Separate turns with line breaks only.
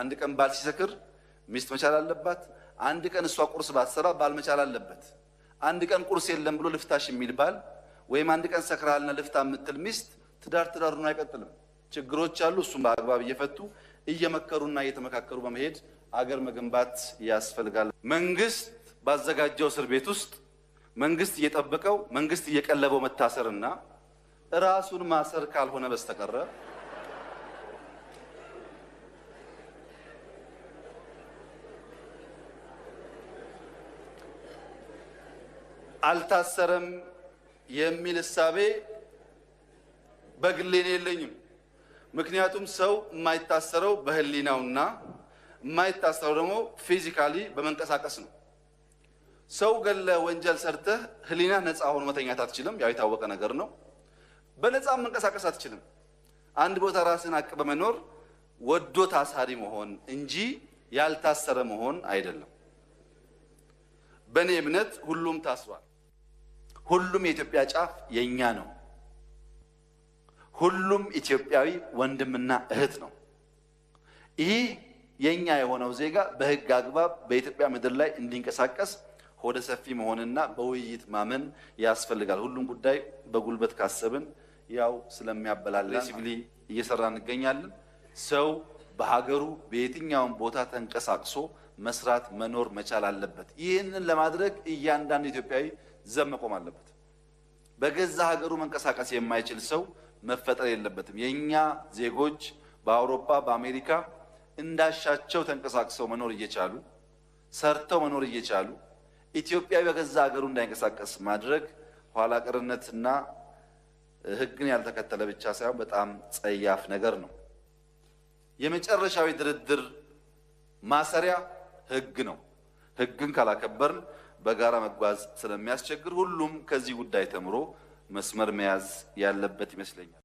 አንድ ቀን ባል ሲሰክር ሚስት መቻል አለባት። አንድ ቀን እሷ ቁርስ ባትሰራ ባል መቻል አለበት። አንድ ቀን ቁርስ የለም ብሎ ልፍታሽ የሚል ባል ወይም አንድ ቀን ሰክራልና ልፍታ የምትል ሚስት ትዳር ትዳሩን አይቀጥልም። ችግሮች አሉ። እሱም በአግባብ እየፈቱ እየመከሩና እየተመካከሩ በመሄድ አገር መገንባት ያስፈልጋል። መንግስት ባዘጋጀው እስር ቤት ውስጥ መንግስት እየጠበቀው መንግስት እየቀለበው መታሰርና ራሱን ማሰር ካልሆነ በስተቀረ አልታሰረም የሚል እሳቤ በግሌን የለኝም። ምክንያቱም ሰው የማይታሰረው በህሊናውና የማይታሰረው ደግሞ ፊዚካሊ በመንቀሳቀስ ነው። ሰው ገለ ወንጀል ሰርተህ ህሊና ነፃ ሆኖ መተኛት አትችልም። ያው የታወቀ ነገር ነው። በነፃ መንቀሳቀስ አትችልም። አንድ ቦታ ራስን አቅ በመኖር ወዶ ታሳሪ መሆን እንጂ ያልታሰረ መሆን አይደለም። በእኔ እምነት ሁሉም ታስሯል። ሁሉም የኢትዮጵያ ጫፍ የእኛ ነው። ሁሉም ኢትዮጵያዊ ወንድምና እህት ነው። ይህ የእኛ የሆነው ዜጋ በህግ አግባብ በኢትዮጵያ ምድር ላይ እንዲንቀሳቀስ ሆደ ሰፊ መሆንና በውይይት ማመን ያስፈልጋል። ሁሉም ጉዳይ በጉልበት ካሰብን ያው ስለሚያበላል ሲቪሊ እየሰራ እንገኛለን ሰው በሀገሩ በየትኛውም ቦታ ተንቀሳቅሶ መስራት መኖር መቻል አለበት። ይህንን ለማድረግ እያንዳንዱ ኢትዮጵያዊ ዘብ መቆም አለበት። በገዛ ሀገሩ መንቀሳቀስ የማይችል ሰው መፈጠር የለበትም። የእኛ ዜጎች በአውሮፓ በአሜሪካ እንዳሻቸው ተንቀሳቅሰው መኖር እየቻሉ ሰርተው መኖር እየቻሉ ኢትዮጵያዊ በገዛ ሀገሩ እንዳይንቀሳቀስ ማድረግ ኋላ ቀርነትና ሕግን ያልተከተለ ብቻ ሳይሆን በጣም ጸያፍ ነገር ነው። የመጨረሻዊ ድርድር ማሰሪያ ህግ ነው። ህግን ካላከበርን በጋራ መጓዝ ስለሚያስቸግር ሁሉም ከዚህ ጉዳይ ተምሮ መስመር መያዝ ያለበት ይመስለኛል።